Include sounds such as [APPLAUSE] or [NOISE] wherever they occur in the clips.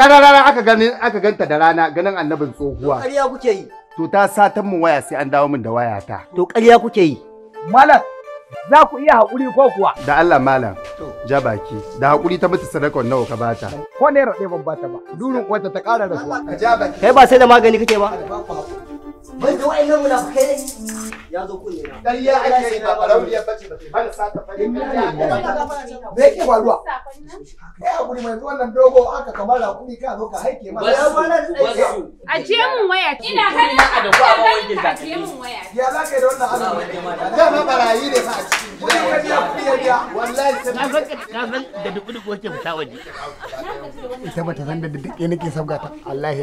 Kararara aka ganin aka ganta da rana ganin annabin tsohuwa. to Ƙarya kuke yi. To ta satan mu waya sai an dawo min da waya ta. To ƙarya kuke yi. Malam za ku iya haƙuri ko kuwa? Da Allah malam. Ja baki. Da haƙuri ta mutu sadakon nawa ka bata. Ko ne ɗaya ban bata ba. Durin wata ta ƙara da kuwa. Ja baki. Kai ba sai da magani kake ba. Ban da wa'annan kai ne. Ya zo kunne na. Ƙarya ake yi ba rauniya bace ba. Bana sata fari. Me yake faruwa? hakuri mai dogo haka kamar A ce mun waya. Ina mun waya. Ya za ka yi da ne fa a cikin Wani ya san ka san da dubu dubu ta san nake sabgata.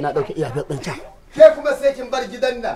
na ɗauke iya can. Ke kuma sai kin bar gidan nan.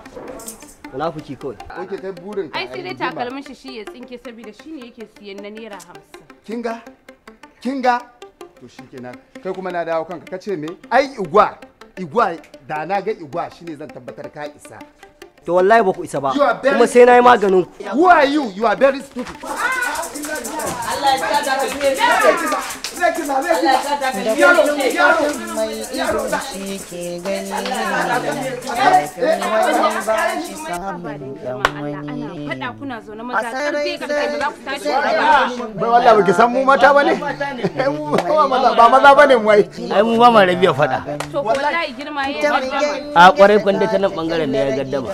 munafiki kawai yake kai burin ka ai sai dai takalmin shi shi ya tsinke saboda shi ne yake siyan na naira hamsin kinga kinga to shikenan kai kuma na dawo kanka kace me ai igwa igwa da na ga igwa shine zan tabbatar ka isa to wallahi ba ku isa ba kuma sai na yi maganin ku who are you you are very stupid Allah ya tsada ka saki na zai kuma yaro yaro yaro da shi ke gani wani ba shi samun dan wani faɗa kuna zaune maza karfe karfe ba za ku tashi ba wallahi ba mu mata bane ba maza bane mu wai ai mu ba ma ta nan bangaren ne ya gaddama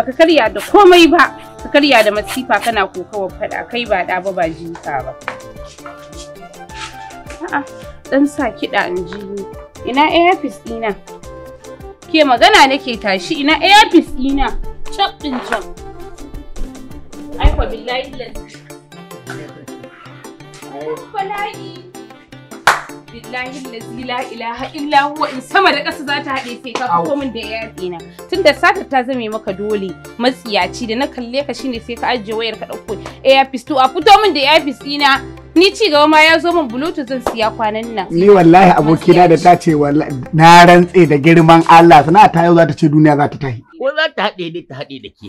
baka karya da komai ba ka karya da masifa kana kokawa fada kai ba da ba ba jinka ba a'a dan sa kiɗa in ji ina airpiece ɗina ke magana nake tashi ina airpiece ɗina chop ɗin chop ai kwa billahi lalle bala'i billahi lazi la ilaha illa huwa in sama da ƙasa za ta haɗe sai ka fito min da yaƙi na tunda satar ta zame maka dole matsiyaci da na kalle ka shine sai ka ajiye wayar ka ɗauko earpiece to a fito min da earpiece ɗina ni ci gaba ma ya zo min bluetooth zan siya kwanan nan ni wallahi abokina da ta ce na rantse da girman Allah sana'a ta yau za ta ce duniya za ta tahi ko za ta haɗe ne ta haɗe da ke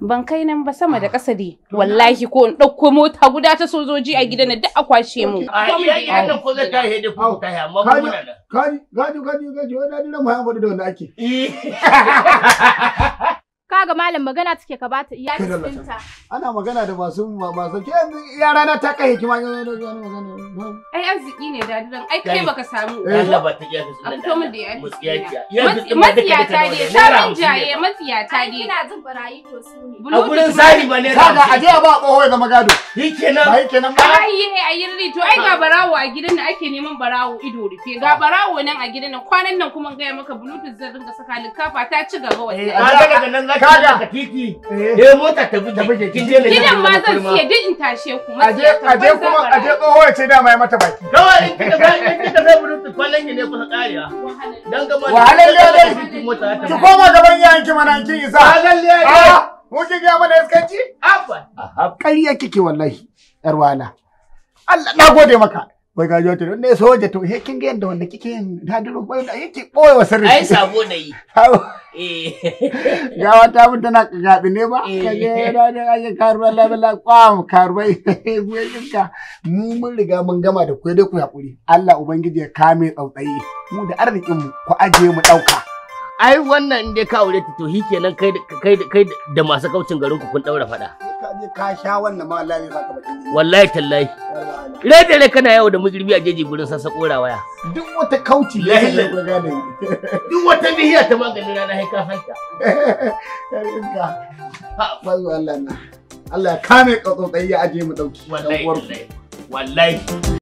Ban kai nan ba sama da ah. ƙasa dai. Wallahi ko in ɗauko mota guda ta sojoji a gidan duk a kwashe mu. Ah, a iya nan ko zai tashi da fawo tashi amma ba muna da. Kaji kaji kaji kaji wani da nan mu ya da wanda ake. Eh. [LAUGHS] ga malam magana take ka bata iya cikinta. Ana magana da masu masu ke yanzu yara na ta kai kima ga magana. Ai arziki ne da dan ai kai baka samu. Eh. Allah ba ta iya da sunan. Fito min da ya. Matsiya ta ne Sharin min jaye matsiya ta ne. Ina jin barayi to su ne. A gurin sari ba ne. Kaga a je a ba kowa ya zama gado. Yikenan. Ba yikenan ba. Ai ye ai ri to ai ga ah. barawo a gidan da ake neman barawo ido rufe. Ga ah. barawo nan a gidan nan kwanan nan kuma ga maka bluetooth zan ringa saka likafa ta ci gaba wallahi. Eh, ka da titi eh. eh mota ta bi tafi kin je ne gidan ma zan siya duk in tashe ku aje aje kuma aje tsoho ya ce da mai mata baki kawai in kika ga in kika ga burin kwallon ne kusa kariya dan ga mota wahalar ki koma gaban yayin ki mana kin isa wahalar ah, ki ga mana iskanci abba ƙarya kike wallahi Allah na gode maka wai ga jota ne soja to he kin ga yanda wanda kike yin dadiro wai yake boye wa sirri ai sabo yi gawa eh. ta mun tana gaɗi ne ba eh. [LAUGHS] ka ga yana da ake karuwa labala kwam karuwa buyan iska mu mun riga mun gama da ku dai ku haƙuri Allah ubangiji ya kame tsautsayi mu da arzikin mu ku ajiye mu ɗauka ai wannan dai ka aure ta to shi kenan kai da kai da kai da masu kaucin garin ku kun daura fada ka sha wannan ma wallahi zai saka bakin wallahi tallahi rai da rai kana yawo da mujirbi a jeji gurin sassa kora waya duk wata kauci ya hilla [LAUGHS] duk wata bihiya ta maganin rana sai ka santa [LAUGHS] ha bai wallahi Allah ya kame ka tsotsai ya aje mu dauki wallahi wallahi